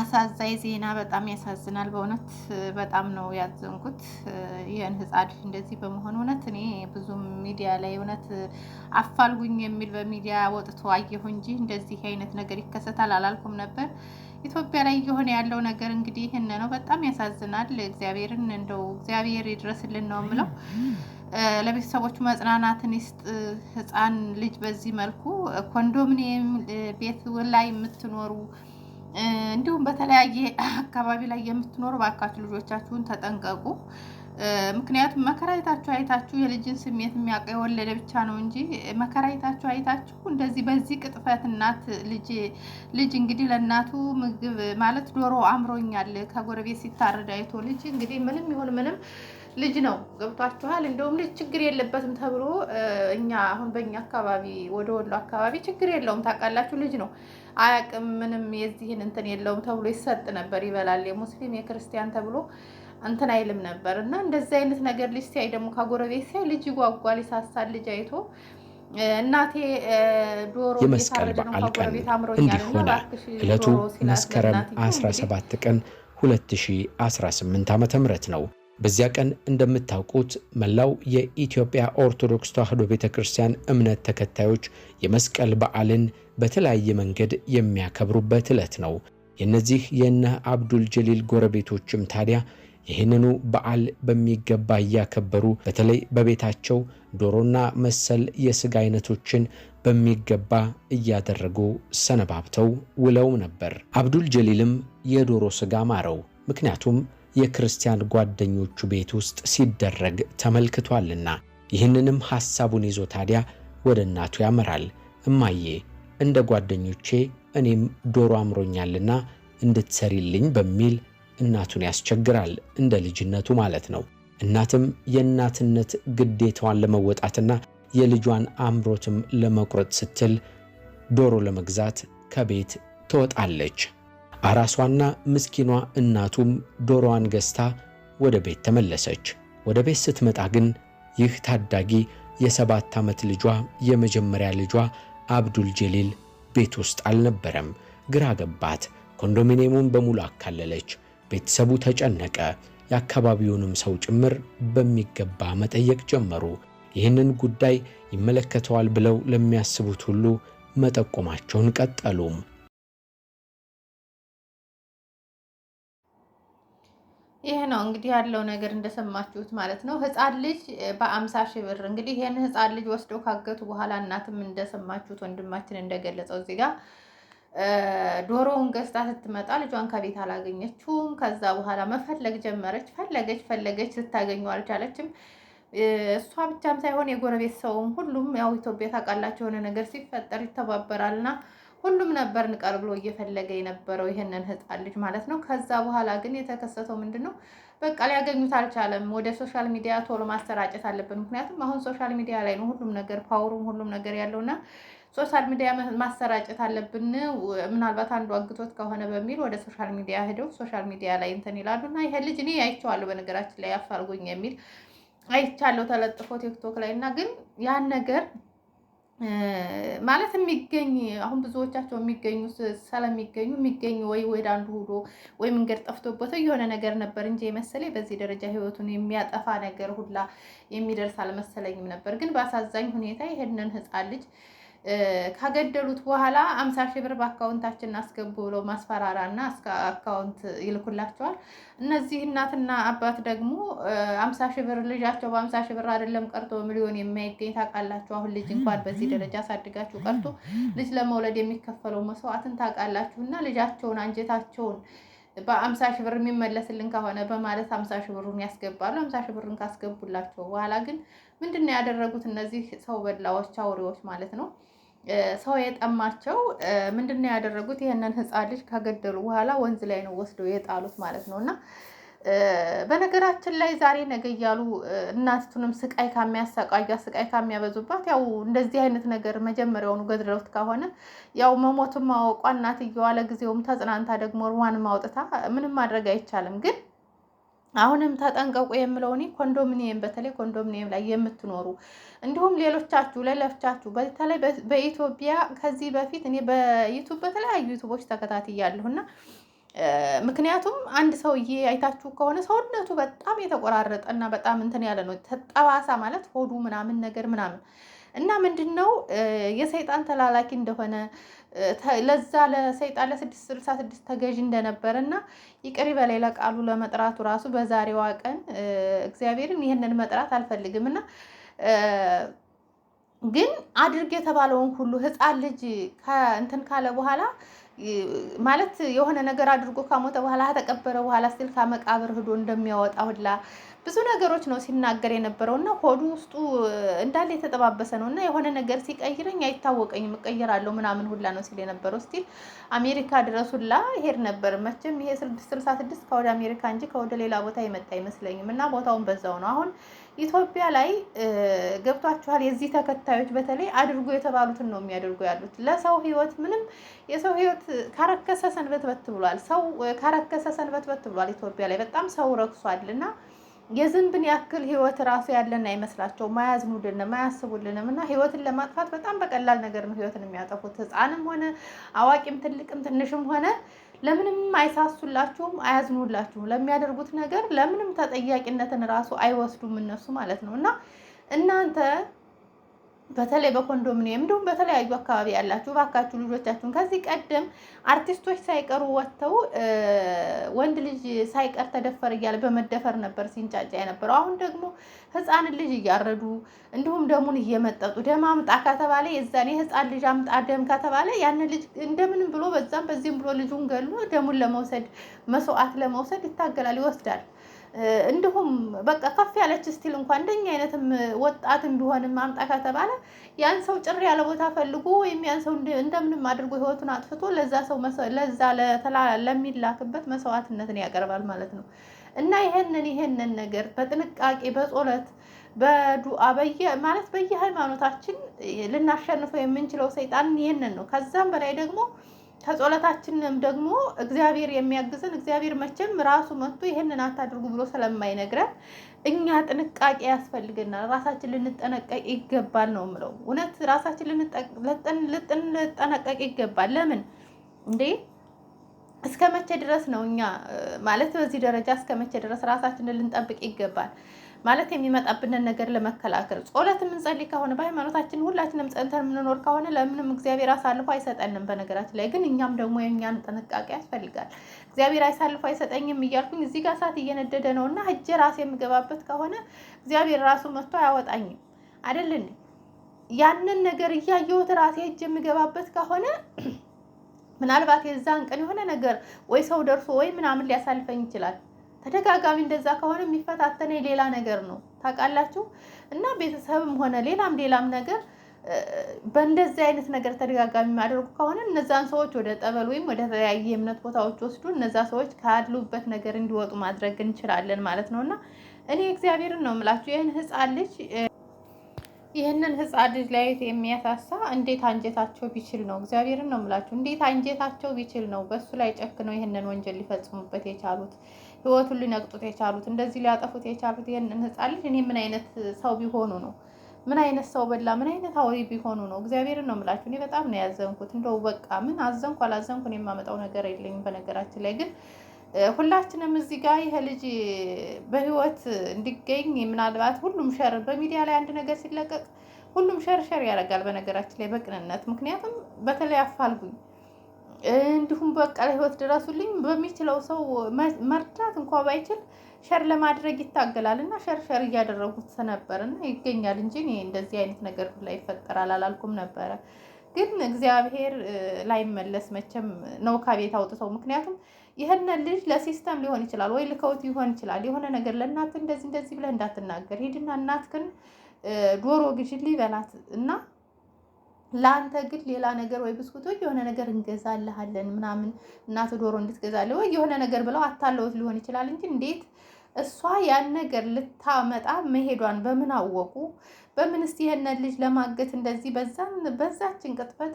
አሳዛኝ ዜና በጣም ያሳዝናል። በእውነት በጣም ነው ያዘንኩት። ይህን ህጻን እንደዚህ በመሆን እውነት እኔ ብዙም ሚዲያ ላይ እውነት አፋልጉኝ የሚል በሚዲያ ወጥቶ አየሁ እንጂ እንደዚህ አይነት ነገር ይከሰታል አላልኩም ነበር። ኢትዮጵያ ላይ እየሆነ ያለው ነገር እንግዲህ ይህን ነው። በጣም ያሳዝናል። እግዚአብሔርን እንደው እግዚአብሔር ይድረስልን ነው የምለው። ለቤተሰቦቹ መጽናናትን ይስጥ። ህፃን ልጅ በዚህ መልኩ ኮንዶሚኒየም ቤት ላይ የምትኖሩ እንዲሁም በተለያየ አካባቢ ላይ የምትኖሩ ባካችሁ ልጆቻችሁን ተጠንቀቁ። ምክንያቱም መከራየታችሁ አይታችሁ የልጅን ስሜት የሚያውቀ የወለደ ብቻ ነው እንጂ መከራየታችሁ አይታችሁ እንደዚህ በዚህ ቅጥፈት እናት ልጅ ልጅ እንግዲህ ለእናቱ ምግብ ማለት ዶሮ አምሮኛል ከጎረቤት ሲታረድ አይቶ ልጅ እንግዲህ ምንም ይሁን ምንም ልጅ ነው። ገብቷችኋል። እንደውም ልጅ ችግር የለበትም ተብሎ እኛ አሁን በእኛ አካባቢ ወደ ወሎ አካባቢ ችግር የለውም ታውቃላችሁ፣ ልጅ ነው አያውቅም ምንም የዚህን እንትን የለውም ተብሎ ይሰጥ ነበር። ይበላል የሙስሊም የክርስቲያን ተብሎ እንትን አይልም ነበር። እና እንደዚህ አይነት ነገር ልጅ ሲያይ ደግሞ ከጎረቤት ሲያይ ልጅ ይጓጓል፣ ይሳሳል። ልጅ አይቶ እናቴ ዶሮ የመስቀል በዓል ቀን እንዲህ ሆነ። ዕለቱ መስከረም 17 ቀን 2018 ም ነው። በዚያ ቀን እንደምታውቁት መላው የኢትዮጵያ ኦርቶዶክስ ተዋሕዶ ቤተ ክርስቲያን እምነት ተከታዮች የመስቀል በዓልን በተለያየ መንገድ የሚያከብሩበት ዕለት ነው። የእነዚህ የነ አብዱል ጀሊል ጎረቤቶችም ታዲያ ይህንኑ በዓል በሚገባ እያከበሩ በተለይ በቤታቸው ዶሮና መሰል የሥጋ አይነቶችን በሚገባ እያደረጉ ሰነባብተው ውለው ነበር። አብዱል ጀሊልም የዶሮ ሥጋ ማረው። ምክንያቱም የክርስቲያን ጓደኞቹ ቤት ውስጥ ሲደረግ ተመልክቷልና ይህንንም ሐሳቡን ይዞ ታዲያ ወደ እናቱ ያመራል። እማዬ እንደ ጓደኞቼ እኔም ዶሮ አምሮኛልና እንድትሰሪልኝ በሚል እናቱን ያስቸግራል። እንደ ልጅነቱ ማለት ነው። እናትም የእናትነት ግዴታዋን ለመወጣትና የልጇን አምሮትም ለመቁረጥ ስትል ዶሮ ለመግዛት ከቤት ትወጣለች። አራሷና ምስኪኗ እናቱም ዶሮዋን ገዝታ ወደ ቤት ተመለሰች። ወደ ቤት ስትመጣ ግን ይህ ታዳጊ የሰባት ዓመት ልጇ የመጀመሪያ ልጇ አብዱል ጀሊል ቤት ውስጥ አልነበረም። ግራ ገባት። ኮንዶሚኒየሙን በሙሉ አካለለች። ቤተሰቡ ተጨነቀ። የአካባቢውንም ሰው ጭምር በሚገባ መጠየቅ ጀመሩ። ይህንን ጉዳይ ይመለከተዋል ብለው ለሚያስቡት ሁሉ መጠቆማቸውን ቀጠሉም። ይህ ነው እንግዲህ ያለው ነገር እንደሰማችሁት ማለት ነው። ህፃን ልጅ በአምሳ ሺህ ብር እንግዲህ ይህን ህፃን ልጅ ወስደው ካገቱ በኋላ እናትም እንደሰማችሁት ወንድማችን እንደገለጸው እዚህ ጋር ዶሮውን ገዝታ ስትመጣ ልጇን ከቤት አላገኘችውም። ከዛ በኋላ መፈለግ ጀመረች። ፈለገች ፈለገች ስታገኙ አልቻለችም። እሷ ብቻም ሳይሆን የጎረቤት ሰውም ሁሉም ያው ኢትዮጵያ ታውቃላችሁ የሆነ ነገር ሲፈጠር ይተባበራልና ሁሉም ነበር ንቀር ብሎ እየፈለገ የነበረው ይህንን ህፃን ልጅ ማለት ነው። ከዛ በኋላ ግን የተከሰተው ምንድን ነው? በቃ ሊያገኙት አልቻለም። ወደ ሶሻል ሚዲያ ቶሎ ማሰራጨት አለብን። ምክንያቱም አሁን ሶሻል ሚዲያ ላይ ነው ሁሉም ነገር ፓወሩም ሁሉም ነገር ያለውና ሶሻል ሚዲያ ማሰራጨት አለብን። ምናልባት አንዱ አግቶት ከሆነ በሚል ወደ ሶሻል ሚዲያ ሄደው ሶሻል ሚዲያ ላይ እንትን ይላሉ እና ይሄ ልጅ እኔ አይቼዋለሁ በነገራችን ላይ አፋልጉኝ የሚል አይቻለሁ ተለጥፎ ቲክቶክ ላይ እና ግን ያን ነገር ማለት የሚገኝ አሁን ብዙዎቻቸው የሚገኙ ስለሚገኙ የሚገኝ ወይ ወደ አንዱ ሁዶ ወይ መንገድ ጠፍቶበት የሆነ ነገር ነበር እንጂ የመሰለኝ በዚህ ደረጃ ህይወቱን የሚያጠፋ ነገር ሁላ የሚደርስ አልመሰለኝም ነበር። ግን በአሳዛኝ ሁኔታ ይሄንን ህፃን ልጅ ከገደሉት በኋላ አምሳ ሺህ ብር በአካውንታችን አስገቡ ብለው ማስፈራራ እና አካውንት ይልኩላቸዋል። እነዚህ እናትና አባት ደግሞ አምሳ ሺህ ብር ልጃቸው በአምሳ ሺህ ብር አይደለም ቀርቶ ሚሊዮን የማይገኝ ታውቃላችሁ። አሁን ልጅ እንኳን በዚህ ደረጃ አሳድጋችሁ ቀርቶ ልጅ ለመውለድ የሚከፈለው መስዋዕትን ታውቃላችሁ። እና ልጃቸውን አንጀታቸውን በአምሳ ሺህ ብር የሚመለስልን ከሆነ በማለት አምሳ ሺህ ብሩን ያስገባሉ። አምሳ ሺህ ብሩን ካስገቡላቸው በኋላ ግን ምንድን ነው ያደረጉት እነዚህ ሰው በላዎች አውሬዎች ማለት ነው ሰው የጠማቸው ምንድን ነው ያደረጉት? ይህንን ህፃን ልጅ ከገደሉ በኋላ ወንዝ ላይ ነው ወስደው የጣሉት ማለት ነው እና በነገራችን ላይ ዛሬ ነገ እያሉ እናቱንም ስቃይ ካሚያሰቃያ ስቃይ ካሚያበዙባት ያው እንደዚህ አይነት ነገር መጀመሪያውኑ ገድለውት ከሆነ ያው መሞቱን ማወቋ እናትየዋ ለጊዜውም ተጽናንታ ደግሞ ሩዋንም አውጥታ ምንም ማድረግ አይቻልም ግን አሁንም ተጠንቀቁ የምለው እኔ ኮንዶሚኒየም በተለይ ኮንዶሚኒየም ላይ የምትኖሩ እንዲሁም ሌሎቻችሁ ለለፍቻችሁ በተለይ በኢትዮጵያ ከዚህ በፊት እኔ በዩቱብ በተለያዩ ዩቱቦች ተከታትያለሁ እና ምክንያቱም አንድ ሰውዬ አይታችሁ ከሆነ ሰውነቱ በጣም የተቆራረጠ እና በጣም እንትን ያለ ነው። ተጠባሳ ማለት ሆዱ ምናምን ነገር ምናምን እና ምንድን ነው የሰይጣን ተላላኪ እንደሆነ ለዛ ለሰይጣን ለስድስት ስልሳ ስድስት ተገዥ እንደነበረ እና ይቅሪ በላይ ለቃሉ ለመጥራቱ ራሱ በዛሬዋ ቀን እግዚአብሔርን ይህንን መጥራት አልፈልግም እና ግን አድርግ የተባለውን ሁሉ ህፃን ልጅ እንትን ካለ በኋላ ማለት የሆነ ነገር አድርጎ ካሞተ በኋላ ከተቀበረ በኋላ ስል ከመቃብር ሂዶ እንደሚያወጣ ሁላ ብዙ ነገሮች ነው ሲናገር የነበረው እና ሆዱ ውስጡ እንዳለ የተጠባበሰ ነው እና የሆነ ነገር ሲቀይረኝ አይታወቀኝም እቀይራለሁ ምናምን ሁላ ነው ሲል የነበረው። ስቲል አሜሪካ ድረስ ሁላ ሄድ ነበር። መቼም ይሄ ስልሳ ስድስት ከወደ አሜሪካ እንጂ ከወደ ሌላ ቦታ የመጣ አይመስለኝም። እና ቦታውን በዛው ነው አሁን ኢትዮጵያ ላይ ገብቷችኋል። የዚህ ተከታዮች በተለይ አድርጎ የተባሉትን ነው የሚያደርጉ ያሉት። ለሰው ህይወት ምንም የሰው ህይወት ካረከሰ በት ብሏል። ሰው ካረከሰ በት ብሏል። ኢትዮጵያ ላይ በጣም ሰው ረክሷል እና የዝንብን ያክል ህይወት ራሱ ያለን አይመስላቸውም። አያዝኑልንም፣ አያስቡልንም። እና ህይወትን ለማጥፋት በጣም በቀላል ነገር ነው ህይወትን የሚያጠፉት። ህፃንም ሆነ አዋቂም፣ ትልቅም ትንሽም ሆነ ለምንም አይሳሱላችሁም፣ አያዝኑላችሁም። ለሚያደርጉት ነገር ለምንም ተጠያቂነትን ራሱ አይወስዱም እነሱ ማለት ነው እና እናንተ በተለይ በኮንዶሚኒየም እንዲሁም በተለያዩ አካባቢ ያላችሁ እባካችሁ ልጆቻችሁን ከዚህ ቀደም አርቲስቶች ሳይቀሩ ወጥተው ወንድ ልጅ ሳይቀር ተደፈር እያለ በመደፈር ነበር ሲንጫጫ የነበረው። አሁን ደግሞ ሕፃን ልጅ እያረዱ እንዲሁም ደሙን እየመጠጡ ደም አምጣ ከተባለ የዛኔ ሕፃን ልጅ አምጣ ደም ከተባለ ያንን ልጅ እንደምንም ብሎ በዛም በዚህም ብሎ ልጁን ገሎ ደሙን ለመውሰድ መስዋዕት ለመውሰድ ይታገላል፣ ይወስዳል። እንዲሁም በቃ ከፍ ያለች ስቲል እንኳን እንደኛ አይነትም ወጣትም ቢሆንም አምጣ ከተባለ ያን ሰው ጭር ያለ ቦታ ፈልጎ ወይም ያን ሰው እንደምንም አድርጎ ህይወቱን አጥፍቶ ለዛ ሰው ለዛ ለሚላክበት መስዋዕትነትን ያቀርባል ማለት ነው። እና ይሄንን ይሄንን ነገር በጥንቃቄ በጾለት በዱአ በየ ማለት በየሃይማኖታችን ልናሸንፈው የምንችለው ሰይጣን ይሄንን ነው። ከዛም በላይ ደግሞ ተጸሎታችንም ደግሞ እግዚአብሔር የሚያግዘን እግዚአብሔር መቼም ራሱ መጥቶ ይህንን አታድርጉ ብሎ ስለማይነግረን እኛ ጥንቃቄ ያስፈልገናል። ራሳችን ልንጠነቀቅ ይገባል ነው የምለው። እውነት ራሳችን ልንጠነቀቅ ይገባል። ለምን እንዴ እስከ መቼ ድረስ ነው እኛ ማለት በዚህ ደረጃ እስከ መቼ ድረስ ራሳችንን ልንጠብቅ ይገባል? ማለት የሚመጣብንን ነገር ለመከላከል ጸሎት የምንጸልይ ከሆነ በሃይማኖታችን ሁላችንም ጸንተን የምንኖር ከሆነ ለምንም እግዚአብሔር አሳልፎ አይሰጠንም። በነገራችን ላይ ግን እኛም ደግሞ የእኛን ጥንቃቄ ያስፈልጋል። እግዚአብሔር አሳልፎ አይሰጠኝም እያልኩኝ እዚህ ጋር እሳት እየነደደ ነው እና እጄ ራሴ የምገባበት ከሆነ እግዚአብሔር ራሱ መጥቶ አያወጣኝም አይደል እንዴ? ያንን ነገር እያየሁት ራሴ እጅ የምገባበት ከሆነ ምናልባት የዛን ቀን የሆነ ነገር ወይ ሰው ደርሶ ወይ ምናምን ሊያሳልፈኝ ይችላል። ተደጋጋሚ እንደዛ ከሆነ የሚፈታተነ ሌላ ነገር ነው ታውቃላችሁ። እና ቤተሰብም ሆነ ሌላም ሌላም ነገር በእንደዚህ አይነት ነገር ተደጋጋሚ የሚያደርጉ ከሆነ እነዛን ሰዎች ወደ ጠበል ወይም ወደ ተለያየ የእምነት ቦታዎች ወስዱ እነዛ ሰዎች ካሉበት ነገር እንዲወጡ ማድረግ እንችላለን ማለት ነው። እና እኔ እግዚአብሔርን ነው የምላችሁ ይህን ህፃን ልጅ ይህንን ህፃን ልጅ ላይት የሚያሳሳ እንዴት አንጀታቸው ቢችል ነው? እግዚአብሔርን ነው የምላችሁ እንዴት አንጀታቸው ቢችል ነው በሱ ላይ ጨክነው ይህንን ወንጀል ሊፈጽሙበት የቻሉት? ህይወቱን ሊነቅጡት የቻሉት እንደዚህ ሊያጠፉት የቻሉት ይህንን ህፃን ልጅ እኔ ምን አይነት ሰው ቢሆኑ ነው? ምን አይነት ሰው በላ ምን አይነት አውሪ ቢሆኑ ነው? እግዚአብሔርን ነው የምላችሁ። እኔ በጣም ነው ያዘንኩት። እንደው በቃ ምን አዘንኩ አላዘንኩ የማመጣው ነገር የለኝም። በነገራችን ላይ ግን ሁላችንም እዚህ ጋር ይሄ ልጅ በህይወት እንዲገኝ ምናልባት ሁሉም ሸር በሚዲያ ላይ አንድ ነገር ሲለቀቅ ሁሉም ሸር ሸር ያደርጋል። በነገራችን ላይ በቅንነት ምክንያቱም በተለይ አፋልጉኝ እንዲሁም በቃ ለህይወት ድረሱልኝ በሚችለው ሰው መርዳት እንኳ ባይችል ሸር ለማድረግ ይታገላል እና ሸር ሸር እያደረጉት ነበር እና ይገኛል እንጂ እኔ እንደዚህ አይነት ነገር ላይ ይፈጠራል አላልኩም ነበረ። ግን እግዚአብሔር ላይ መለስ መቼም ነው ከቤት አውጥተው። ምክንያቱም ይህንን ልጅ ለሲስተም ሊሆን ይችላል ወይ ልከውት ሊሆን ይችላል የሆነ ነገር ለእናት እንደዚህ እንደዚህ ብለህ እንዳትናገር ሂድና እናትህን ዶሮ ግዢ ሊበላት እና ለአንተ ግን ሌላ ነገር ወይ ብስኩቶች የሆነ ነገር እንገዛልሃለን ምናምን እናት ዶሮ እንድትገዛለ ወይ የሆነ ነገር ብለው አታለውት ሊሆን ይችላል እንጂ እንዴት እሷ ያን ነገር ልታመጣ መሄዷን በምን አወቁ? ስ ይሄንን ልጅ ለማገት እንደዚህ በዛም በዛችን ቅጥፈት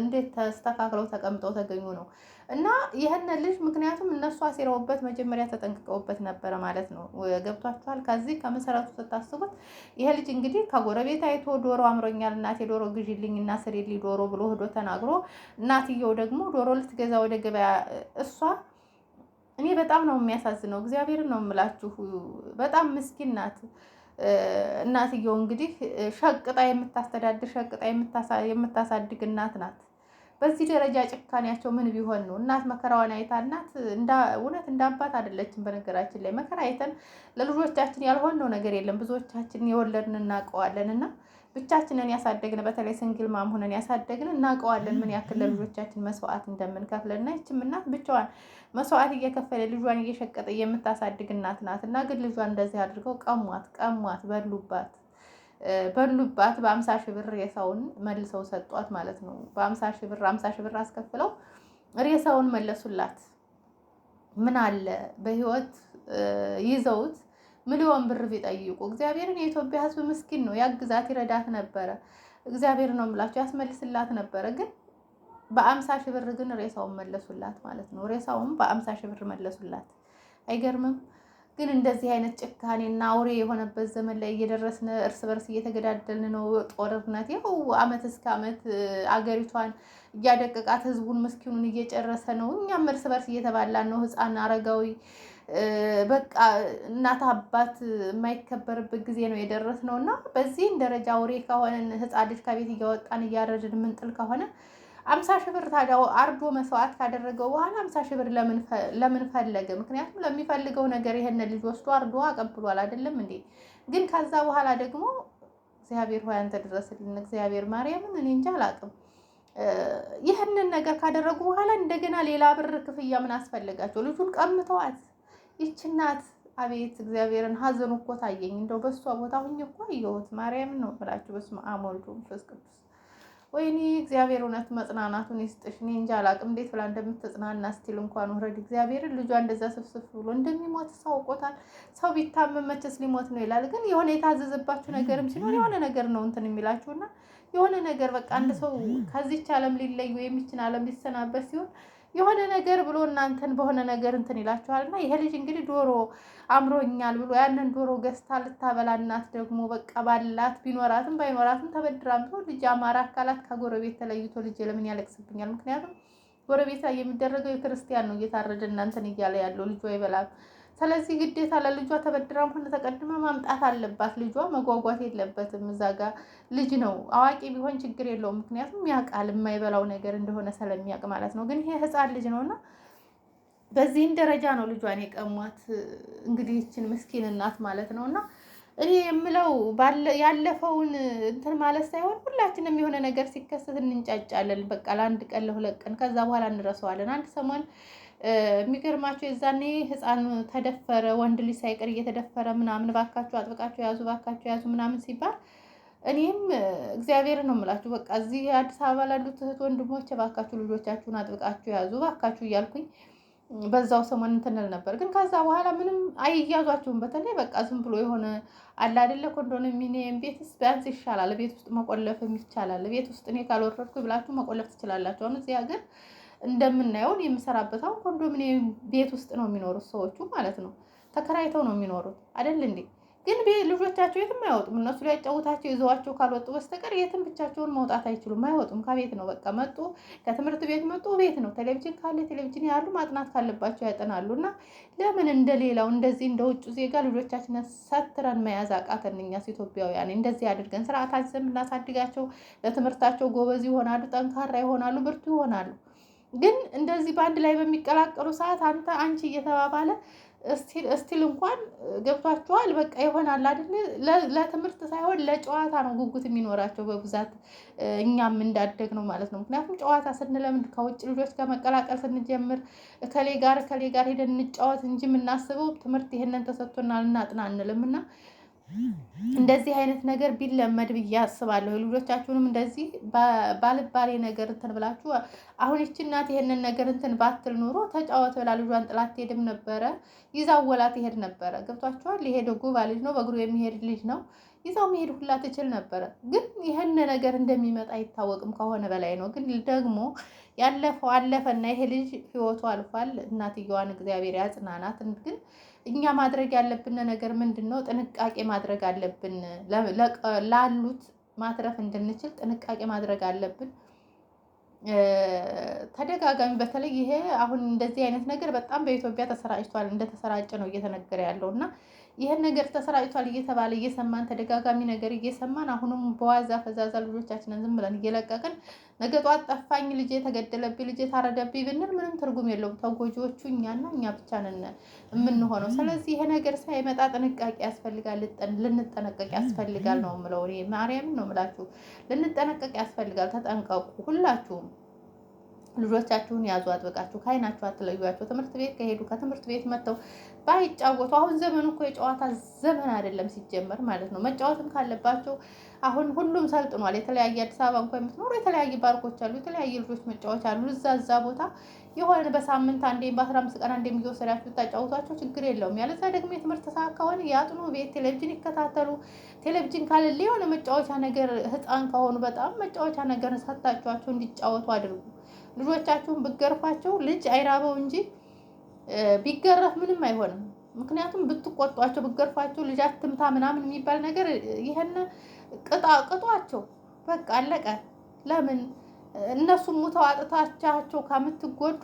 እንዴት ተስተካክለው ተቀምጠው ተገኙ ነው። እና ይህን ልጅ ምክንያቱም እነሱ አሴረውበት መጀመሪያ ተጠንቅቀውበት ነበረ ማለት ነው። ገብቷችኋል? ከዚህ ከመሰረቱ ስታስቡት ይሄ ልጅ እንግዲህ ከጎረቤት አይቶ ዶሮ አምሮኛል እናቴ ዶሮ ግዢልኝ እና ስሪልኝ ዶሮ ብሎ ህዶ ተናግሮ እናትየው ደግሞ ዶሮ ልትገዛ ወደ ገበያ እሷ እኔ በጣም ነው የሚያሳዝነው። እግዚአብሔርን ነው የምላችሁ። በጣም ምስኪን ናት። እናትየው እንግዲህ ሸቅጣ የምታስተዳድር ሸቅጣ የምታሳድግ እናት ናት። በዚህ ደረጃ ጭካኔያቸው ምን ቢሆን ነው? እናት መከራዋን አይታ እናት እውነት እንደ አባት አይደለችም። በነገራችን ላይ መከራ አይተን ለልጆቻችን ያልሆነው ነገር የለም። ብዙዎቻችን የወለድን እናውቀዋለን እና ብቻችንን ያሳደግን በተለይ ስንግል ማም ሆነን ያሳደግን እናውቀዋለን፣ ምን ያክል ለልጆቻችን መስዋዕት እንደምንከፍል እና ይችም እናት ብቻዋን መስዋዕት እየከፈለ ልጇን እየሸቀጠ የምታሳድግ እናት ናት እና ግን ልጇን እንደዚህ አድርገው ቀሟት፣ ቀሟት፣ በሉባት። በሉባት። በአምሳ ሺህ ብር ሬሳውን መልሰው ሰጧት ማለት ነው። በአምሳ ሺህ ብር አምሳ ሺህ ብር አስከፍለው ሬሳውን መለሱላት። ምን አለ በህይወት ይዘውት ሚሊዮን ብር ቢጠይቁ እግዚአብሔርን የኢትዮጵያ ህዝብ ምስኪን ነው። ያግዛት ይረዳት ነበረ። እግዚአብሔር ነው የምላቸው ያስመልስላት ነበረ። ግን በአምሳ ሺህ ብር ግን ሬሳውን መለሱላት ማለት ነው። ሬሳውን በአምሳ ሺህ ብር መለሱላት። አይገርምም? ግን እንደዚህ አይነት ጭካኔና አውሬ የሆነበት ዘመን ላይ እየደረስን እርስ በርስ እየተገዳደልን ነው። ጦርነት ይኸው አመት እስከ አመት አገሪቷን እያደቀቃት ህዝቡን ምስኪኑን እየጨረሰ ነው። እኛም እርስ በርስ እየተባላን ነው። ህፃን አረጋዊ በቃ እናት አባት የማይከበርበት ጊዜ ነው ነው እና በዚህን ደረጃ አውሬ ከሆነን ህፃን ልጅ ከቤት እያወጣን እያረድን ምንጥል ከሆነ አምሳ ሺህ ብር ታዲያ አርዶ መስዋዕት ካደረገው በኋላ አምሳ ሺህ ብር ለምን ፈለገ? ምክንያቱም ለሚፈልገው ነገር ይሄን ልጅ ወስዶ አርዶ አቀብሏል። አይደለም እንዴ? ግን ከዛ በኋላ ደግሞ እግዚአብሔር ሆይ አንተ ድረስልን፣ እግዚአብሔር ማርያምን፣ እኔ እንጃ አላውቅም። ይህንን ነገር ካደረጉ በኋላ እንደገና ሌላ ብር ክፍያ ምን አስፈለጋቸው? ልጁን ቀምተዋት ይች እናት አቤት እግዚአብሔርን ሀዘኑ እኮ ታየኝ። እንደው በእሷ ቦታ ሁኜ እኮ አየሁት። ማርያምን ነው ብላችሁ በስመ አብ ወወልድ ወመንፈስ ቅዱስ ወይኔ እግዚአብሔር እውነት መጽናናቱን ይስጥሽ። እኔ እንጃ አላቅም እንዴት ብላ እንደምትጽናና ስቲል እንኳን ውረድ እግዚአብሔር ልጇ እንደዛ ስፍስፍ ብሎ እንደሚሞት ሰው አውቆታል። ሰው ቢታመም መቼስ ሊሞት ነው ይላል። ግን የሆነ የታዘዘባችሁ ነገርም ሲኖር የሆነ ነገር ነው እንትን የሚላችሁና የሆነ ነገር በቃ አንድ ሰው ከዚች ዓለም ሊለይ ወይም ይችን ዓለም ሊሰናበት ሲሆን የሆነ ነገር ብሎ እናንተን በሆነ ነገር እንትን ይላችኋል። እና ይሄ ልጅ እንግዲህ ዶሮ አምሮኛል ብሎ ያንን ዶሮ ገዝታ ልታበላ እናት ደግሞ በቃ ባላት ቢኖራትም ባይኖራትም ተበድራም ቢሆን ልጅ አማራ አካላት ከጎረቤት ተለይቶ ልጅ ለምን ያለቅስብኛል? ምክንያቱም ጎረቤት ላይ የሚደረገው የክርስቲያን ነው እየታረደ እናንተን እያለ ያለው ልጁ አይበላም ስለዚህ ግዴታ ለልጇ ተበድራም ሆነ ተቀድማ ማምጣት አለባት። ልጇ መጓጓት የለበትም። እዛ ጋ ልጅ ነው። አዋቂ ቢሆን ችግር የለውም። ምክንያቱም ያውቃል የማይበላው ነገር እንደሆነ ስለሚያውቅ ማለት ነው። ግን ይሄ ህፃን ልጅ ነውና በዚህን ደረጃ ነው ልጇን የቀሟት። እንግዲህ ይችን ምስኪን እናት ማለት ነው እና እኔ የምለው ያለፈውን እንትን ማለት ሳይሆን ሁላችንም የሆነ ነገር ሲከሰት እንንጫጫለን። በቃ ለአንድ ቀን ለሁለት ቀን ከዛ በኋላ እንረሰዋለን። አንድ ሰሞን የሚገርማቸው የዛኔ ህፃን ተደፈረ፣ ወንድ ልጅ ሳይቀር እየተደፈረ ምናምን፣ ባካቸው አጥብቃቸው ያዙ፣ ባካቸው ያዙ ምናምን ሲባል እኔም እግዚአብሔር ነው የምላችሁ። በቃ እዚህ አዲስ አበባ ላሉት እህት ወንድሞች ባካችሁ ልጆቻችሁን አጥብቃችሁ ያዙ ባካችሁ እያልኩኝ በዛው ሰሞን እንትንል ነበር። ግን ከዛ በኋላ ምንም አይያዟችሁም። በተለይ በቃ ዝም ብሎ የሆነ አለ አይደለ ኮንዶሚኒየም ቤትስ ቢያንስ ይሻላል። ቤት ውስጥ መቆለፍም ይቻላል። ቤት ውስጥ እኔ ካልወረድኩ ብላችሁ መቆለፍ ትችላላችሁ። አሁን እዚያ ግን እንደምናየውን የምሰራበት አሁን ኮንዶሚኒየም ቤት ውስጥ ነው የሚኖሩት ሰዎቹ ማለት ነው። ተከራይተው ነው የሚኖሩት አይደል እንዴ? ግን ልጆቻቸው የትም አይወጡም። እነሱ ሊያጫውታቸው ይዘዋቸው ካልወጡ በስተቀር የትም ብቻቸውን መውጣት አይችሉም። አይወጡም። ከቤት ነው በቃ መጡ፣ ከትምህርት ቤት መጡ፣ ቤት ነው። ቴሌቪዥን ካለ ቴሌቪዥን ያሉ ማጥናት ካለባቸው ያጠናሉ። እና ለምን እንደሌላው እንደዚህ እንደ ውጭ ዜጋ ልጆቻችን ሰትረን መያዝ አቃተን? እኛስ ኢትዮጵያውያን እንደዚህ አድርገን ስርዓት አዘን ለትምህርታቸው ጎበዝ ይሆናሉ፣ ጠንካራ ይሆናሉ፣ ብርቱ ይሆናሉ። ግን እንደዚህ በአንድ ላይ በሚቀላቀሉ ሰዓት አንተ አንቺ እየተባባለ እስቲል እንኳን ገብቷቸዋል። በቃ ይሆናል አይደል? ለትምህርት ሳይሆን ለጨዋታ ነው ጉጉት የሚኖራቸው በብዛት እኛም እንዳደግ ነው ማለት ነው። ምክንያቱም ጨዋታ ስንለምድ ከውጭ ልጆች ከመቀላቀል ስንጀምር ከሌ ጋር ከሌ ጋር ሄደን እንጫወት እንጂ የምናስበው ትምህርት ይሄንን ተሰጥቶናል እናጥና አንልም እና እንደዚህ አይነት ነገር ቢለመድ ብዬ አስባለሁ። ልጆቻችሁንም እንደዚህ ባልባሌ ነገር እንትን ብላችሁ አሁን ይቺ እናት ይሄንን ነገር እንትን ባትል ኑሮ ተጫወት ብላ ልጇን ጥላት ትሄድም ነበረ፣ ይዛወላት ይሄድ ነበረ። ገብቷችኋል? ይሄ ደጎባ ልጅ ነው፣ በእግሩ የሚሄድ ልጅ ነው። ይዛው መሄድ ሁላ ትችል ነበረ። ግን ይህን ነገር እንደሚመጣ አይታወቅም። ከሆነ በላይ ነው። ግን ደግሞ ያለፈው አለፈና ይሄ ልጅ ህይወቱ አልፏል። እናትየዋን እግዚአብሔር ያጽናናት። ግን እኛ ማድረግ ያለብን ነገር ምንድን ነው? ጥንቃቄ ማድረግ አለብን። ላሉት ማትረፍ እንድንችል ጥንቃቄ ማድረግ አለብን። ተደጋጋሚ በተለይ ይሄ አሁን እንደዚህ አይነት ነገር በጣም በኢትዮጵያ ተሰራጭቷል። እንደተሰራጨ ነው እየተነገረ ያለው እና ይህን ነገር ተሰራጭቷል እየተባለ እየሰማን ተደጋጋሚ ነገር እየሰማን አሁንም በዋዛ ፈዛዛ ልጆቻችንን ዝም ብለን እየለቀቅን ነገ ጧት ጠፋኝ ልጄ ተገደለብኝ ልጄ ታረደብኝ ብንል ምንም ትርጉም የለውም። ተጎጂዎቹ እኛና እኛ ብቻ ነን የምንሆነው። ስለዚህ ይሄ ነገር ሳይመጣ ጥንቃቄ ያስፈልጋል፣ ልንጠነቀቅ ያስፈልጋል ነው የምለው እኔ ማርያምን ነው የምላችሁ። ልንጠነቀቅ ያስፈልጋል። ተጠንቀቁ ሁላችሁም። ልጆቻችሁን ያዙ አጥብቃችሁ፣ ከአይናችሁ አትለዩዋቸው። ትምህርት ቤት ከሄዱ ከትምህርት ቤት መጥተው ባይጫወቱ። አሁን ዘመኑ እኮ የጨዋታ ዘመን አይደለም ሲጀመር ማለት ነው። መጫወትም ካለባቸው አሁን ሁሉም ሰልጥኗል። የተለያየ አዲስ አበባ እንኳ የምትኖሩ የተለያየ ባርኮች አሉ፣ የተለያየ ልጆች መጫወች አሉ። እዛ እዛ ቦታ የሆነ በሳምንት አንዴ በአስራ አምስት ቀን አንዴ የሚወሰዳችሁ ብታጫውቷቸው ችግር የለውም። ያለዛ ደግሞ የትምህርት ሰዓት ከሆነ ያጥኑ፣ ቤት ቴሌቪዥን ይከታተሉ። ቴሌቪዥን ካለለ የሆነ መጫወቻ ነገር ህፃን ከሆኑ በጣም መጫወቻ ነገር ሰታችኋቸው እንዲጫወቱ አድርጉ። ልጆቻችሁን ብገርፏቸው ልጅ አይራበው እንጂ ቢገረፍ ምንም አይሆንም። ምክንያቱም ብትቆጧቸው ብገርፏቸው ልጅ አትምታ ምናምን የሚባል ነገር ይህን ቅጧቸው፣ በቃ አለቀ። ለምን እነሱም ሙተው አጥታቻቸው ከምትጎዱ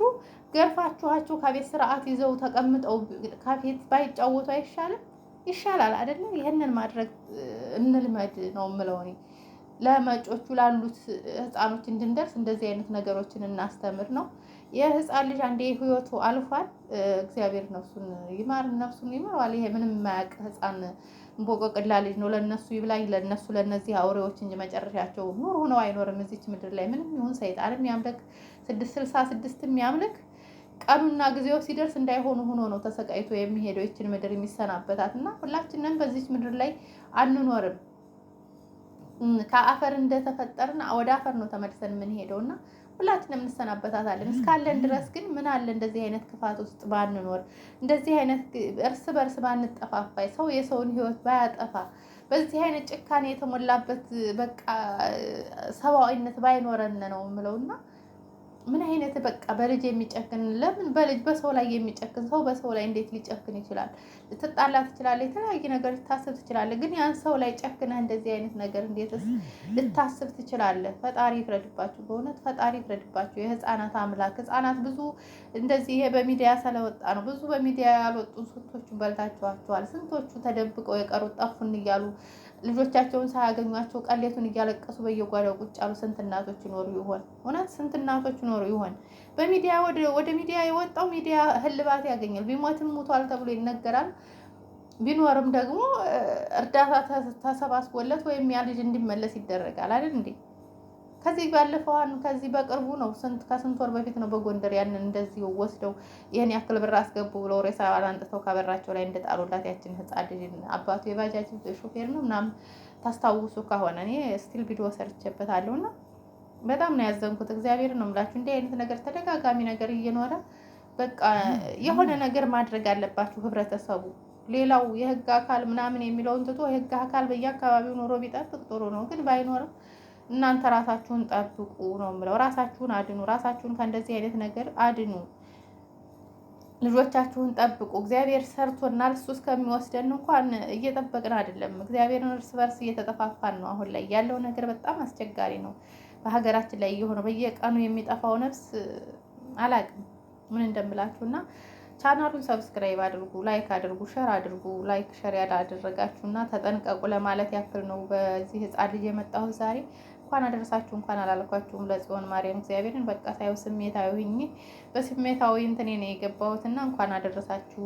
ገርፋችኋቸው ከቤት ስርዓት ይዘው ተቀምጠው ከፊት ባይጫወቱ አይሻልም? ይሻላል አይደለም ይህንን ማድረግ እንልመድ ነው የምለው እኔ። ለመጮቹ ላሉት ህፃኖች እንድንደርስ እንደዚህ አይነት ነገሮችን እናስተምር ነው። የህፃን ልጅ አንዴ ህይወቱ አልፏል። እግዚአብሔር ነፍሱን ይማር፣ ነፍሱን ይምረዋል። ይሄ ምንም የማያውቅ ህፃን እንቦቆቅላ ልጅ ነው። ለነሱ ይብላኝ፣ ለነሱ ለነዚህ አውሬዎች እንጂ መጨረሻቸው ኑር ሆነው አይኖርም እዚች ምድር ላይ ምንም ይሁን ሰይጣንም የሚያምልክ ስድስት ስልሳ ስድስት ያምልክ ቀኑና ጊዜው ሲደርስ እንዳይሆኑ ሆኖ ነው ተሰቃይቶ የሚሄደው ይችን ምድር የሚሰናበታት እና ሁላችንም በዚች ምድር ላይ አንኖርም። ከአፈር እንደተፈጠርን ወደ አፈር ነው ተመልሰን የምንሄደው እና ሁላችንም እንሰናበታታለን። እስካለን ድረስ ግን ምን አለ እንደዚህ አይነት ክፋት ውስጥ ባንኖር፣ እንደዚህ አይነት እርስ በርስ ባንጠፋፋይ፣ ሰው የሰውን ህይወት ባያጠፋ፣ በዚህ አይነት ጭካኔ የተሞላበት በቃ ሰብአዊነት ባይኖረን ነው የምለውና ምን አይነት በቃ በልጅ የሚጨክን ለምን በልጅ በሰው ላይ የሚጨክን ሰው በሰው ላይ እንዴት ሊጨክን ይችላል? ልትጣላ ትችላለህ፣ የተለያየ ነገር ልታስብ ትችላለ ግን ያን ሰው ላይ ጨክነህ እንደዚህ አይነት ነገር እንዴትስ ልታስብ ትችላለህ? ፈጣሪ ይፍረድባችሁ፣ በእውነት ፈጣሪ ይፍረድባችሁ። የህፃናት አምላክ ህፃናት ብዙ እንደዚህ ይሄ በሚዲያ ስለወጣ ነው። ብዙ በሚዲያ ያልወጡ ስንቶቹን በልታችኋቸዋል። ስንቶቹ ተደብቀው የቀሩት ጠፉን እያሉ ልጆቻቸውን ሳያገኟቸው ቀሌቱን እያለቀሱ በየጓዳው ቁጭ ያሉ ስንት እናቶች ይኖሩ ይሆን? እውነት ስንት እናቶች ይኖሩ ይሆን? በሚዲያ ወደ ሚዲያ የወጣው ሚዲያ ህልባት ያገኛል። ቢሞትም ሙቷል ተብሎ ይነገራል። ቢኖርም ደግሞ እርዳታ ተሰባስቦለት ወይም ያ ልጅ እንዲመለስ ይደረጋል አይደል እንዴ? ከዚህ ባለፈዋን ከዚህ በቅርቡ ነው ስንት ከስንት ወር በፊት ነው በጎንደር ያንን እንደዚህ ወስደው ይህን ያክል ብር አስገቡ ብለው ሬሳ አንጥተው ከበራቸው ላይ እንደጣሉላት ያችን ህጻን ልጅ አባቱ የባጃጅ ሹፌር ነው ምናምን ታስታውሱ ከሆነ እኔ ስቲል ቪዲዮ ሰርቼበታለሁ እና በጣም ነው ያዘንኩት። እግዚአብሔር ነው የምላችሁ። እንዲህ አይነት ነገር ተደጋጋሚ ነገር እየኖረ በቃ የሆነ ነገር ማድረግ አለባችሁ ህብረተሰቡ። ሌላው የህግ አካል ምናምን የሚለውን ትቶ የህግ አካል በየአካባቢው ኖሮ ቢጠብቅ ጥሩ ነው፣ ግን ባይኖርም እናንተ ራሳችሁን ጠብቁ ነው የምለው። ራሳችሁን አድኑ፣ ራሳችሁን ከእንደዚህ አይነት ነገር አድኑ። ልጆቻችሁን ጠብቁ። እግዚአብሔር ሰርቶናል። እሱ እስከሚወስደን እንኳን እየጠበቅን አይደለም። እግዚአብሔርን እርስ በርስ እየተጠፋፋን ነው። አሁን ላይ ያለው ነገር በጣም አስቸጋሪ ነው። በሀገራችን ላይ እየሆነው በየቀኑ የሚጠፋው ነፍስ አላቅም ምን እንደምላችሁ እና ቻናሉን ሰብስክራይብ አድርጉ፣ ላይክ አድርጉ፣ ሸር አድርጉ። ላይክ ሸር ያላደረጋችሁ እና ተጠንቀቁ ለማለት ያክል ነው። በዚህ ህፃን ልጅ የመጣሁት ዛሬ እንኳን አደረሳችሁ እንኳን አላልኳችሁም ለጽዮን ማርያም እግዚአብሔርን በቃ ሳየው ስሜታዊ ሁኜ በስሜታዊ እንትኔ ነው የገባሁትና እንኳን አደረሳችሁ።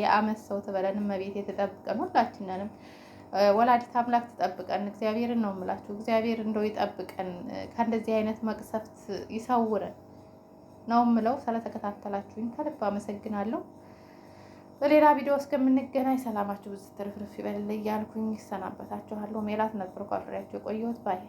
የአመት ሰው ትበለን እመቤቴ የተጠብቀን ሁላችንንም ወላዲት አምላክ ትጠብቀን። እግዚአብሔርን ነው የምላችሁ። እግዚአብሔር እንደው ይጠብቀን፣ ከእንደዚህ አይነት መቅሰፍት ይሰውረን ነው የምለው። ስለተከታተላችሁኝ ከልብ አመሰግናለሁ። በሌላ ቪዲዮ እስከምንገናኝ ሰላማችሁ ብዙ ትርፍርፍ ይበልልኝ እያልኩኝ ይሰናበታችኋለሁ። ሜላት ነበርኩ አብሬያችሁ የቆየሁት ባይ